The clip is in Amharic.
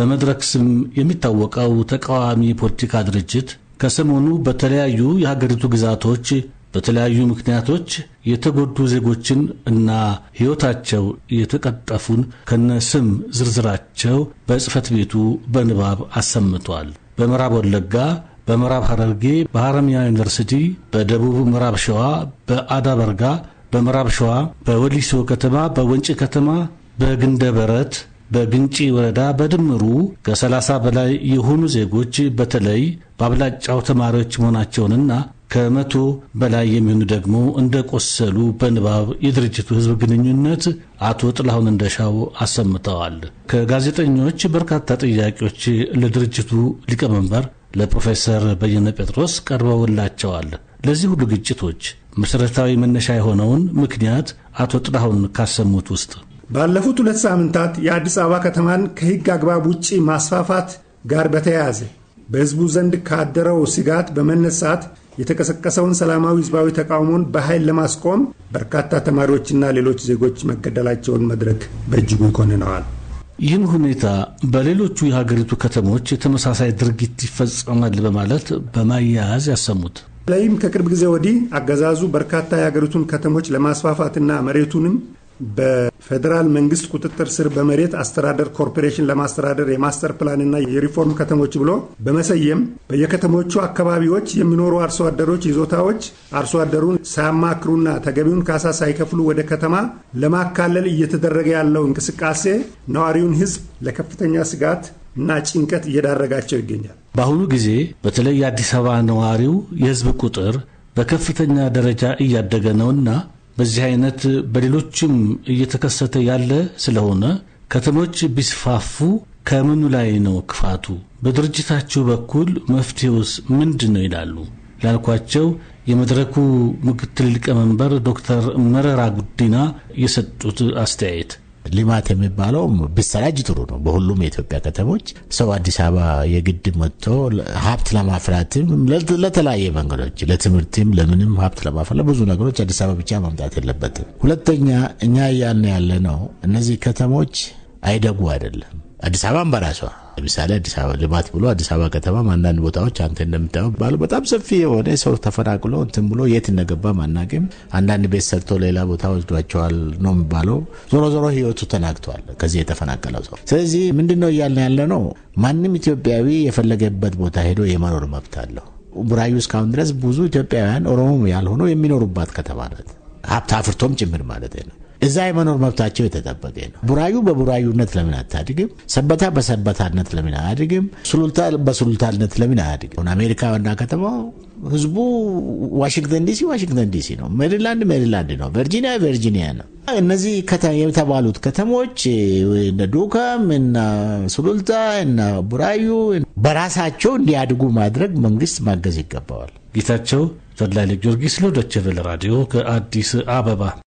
በመድረክ ስም የሚታወቀው ተቃዋሚ የፖለቲካ ድርጅት ከሰሞኑ በተለያዩ የሀገሪቱ ግዛቶች በተለያዩ ምክንያቶች የተጎዱ ዜጎችን እና ሕይወታቸው የተቀጠፉን ከነስም ዝርዝራቸው በጽህፈት ቤቱ በንባብ አሰምቷል። በምዕራብ ወለጋ፣ በምዕራብ ሐረርጌ፣ በሐረሚያ ዩኒቨርሲቲ፣ በደቡብ ምዕራብ ሸዋ፣ በአዳበርጋ በምዕራብ ሸዋ፣ በወሊሶ ከተማ፣ በወንጪ ከተማ፣ በግንደ በረት በግንጪ ወረዳ በድምሩ ከ30 በላይ የሆኑ ዜጎች በተለይ በአብላጫው ተማሪዎች መሆናቸውንና ከመቶ በላይ የሚሆኑ ደግሞ እንደቆሰሉ በንባብ የድርጅቱ ሕዝብ ግንኙነት አቶ ጥላሁን እንደሻው አሰምተዋል። ከጋዜጠኞች በርካታ ጥያቄዎች ለድርጅቱ ሊቀመንበር ለፕሮፌሰር በየነ ጴጥሮስ ቀርበውላቸዋል። ለዚህ ሁሉ ግጭቶች መሠረታዊ መነሻ የሆነውን ምክንያት አቶ ጥላሁን ካሰሙት ውስጥ ባለፉት ሁለት ሳምንታት የአዲስ አበባ ከተማን ከሕግ አግባብ ውጪ ማስፋፋት ጋር በተያያዘ በሕዝቡ ዘንድ ካደረው ስጋት በመነሳት የተቀሰቀሰውን ሰላማዊ ሕዝባዊ ተቃውሞን በኃይል ለማስቆም በርካታ ተማሪዎችና ሌሎች ዜጎች መገደላቸውን መድረክ በእጅጉ ይኮንነዋል። ይህን ሁኔታ በሌሎቹ የሀገሪቱ ከተሞች የተመሳሳይ ድርጊት ይፈጸማል በማለት በማያያዝ ያሰሙት በተለይም ከቅርብ ጊዜ ወዲህ አገዛዙ በርካታ የሀገሪቱን ከተሞች ለማስፋፋትና መሬቱንም በፌዴራል መንግስት ቁጥጥር ስር በመሬት አስተዳደር ኮርፖሬሽን ለማስተዳደር የማስተር ፕላንና የሪፎርም ከተሞች ብሎ በመሰየም በየከተሞቹ አካባቢዎች የሚኖሩ አርሶ አደሮች ይዞታዎች አርሶ አደሩን ሳያማክሩና ተገቢውን ካሳ ሳይከፍሉ ወደ ከተማ ለማካለል እየተደረገ ያለው እንቅስቃሴ ነዋሪውን ህዝብ ለከፍተኛ ስጋት እና ጭንቀት እየዳረጋቸው ይገኛል። በአሁኑ ጊዜ በተለይ የአዲስ አበባ ነዋሪው የህዝብ ቁጥር በከፍተኛ ደረጃ እያደገ ነውና በዚህ አይነት በሌሎችም እየተከሰተ ያለ ስለሆነ ከተሞች ቢስፋፉ ከምኑ ላይ ነው ክፋቱ? በድርጅታቸው በኩል መፍትሄውስ ምንድን ነው ይላሉ ላልኳቸው የመድረኩ ምክትል ሊቀመንበር ዶክተር መረራ ጉዲና የሰጡት አስተያየት ልማት የሚባለው ብሰራጅ ጥሩ ነው። በሁሉም የኢትዮጵያ ከተሞች ሰው አዲስ አበባ የግድ መጥቶ ሀብት ለማፍራትም ለተለያየ መንገዶች ለትምህርትም፣ ለምንም ሀብት ለማፍራት ለብዙ ነገሮች አዲስ አበባ ብቻ መምጣት የለበትም። ሁለተኛ እኛ እያልን ያለ ነው እነዚህ ከተሞች አይደጉ አይደለም አዲስ አበባም በራሷ ለምሳሌ አዲስ አበባ ልማት ብሎ አዲስ አበባ ከተማም አንዳንድ ቦታዎች አንተ እንደምታየው ባሉ በጣም ሰፊ የሆነ ሰው ተፈናቅሎ እንትን ብሎ የት እንደገባ ማናቅም አንዳንድ ቤት ሰርቶ ሌላ ቦታ ወስዷቸዋል ነው የሚባለው። ዞሮ ዞሮ ህይወቱ ተናግቷል ከዚህ የተፈናቀለው ሰው። ስለዚህ ምንድነው እያልን ያለ ነው፣ ማንም ኢትዮጵያዊ የፈለገበት ቦታ ሄዶ የመኖር መብት አለው። ቡራዩ እስካሁን ድረስ ብዙ ኢትዮጵያውያን ኦሮሞ ያልሆኑ የሚኖሩባት ከተማ ናት፣ ሀብት አፍርቶም ጭምር ማለት ነው። እዛ የመኖር መብታቸው የተጠበቀ ነው። ቡራዩ በቡራዩነት ለምን አታድግም? ሰበታ በሰበታነት ለምን አያድግም? ሱሉልታ በሱሉልታነት ለምን አያድግም? አሜሪካ ዋና ከተማው ህዝቡ ዋሽንግተን ዲሲ ዋሽንግተን ዲሲ ነው። ሜሪላንድ ሜሪላንድ ነው። ቨርጂኒያ ቨርጂኒያ ነው። እነዚህ የተባሉት ከተሞች እነ ዱከም እና ሱሉልታ እና ቡራዩ በራሳቸው እንዲያድጉ ማድረግ መንግስት ማገዝ ይገባዋል። ጌታቸው ተድላ ጊዮርጊስ ለዶይቼ ቬለ ራዲዮ ከአዲስ አበባ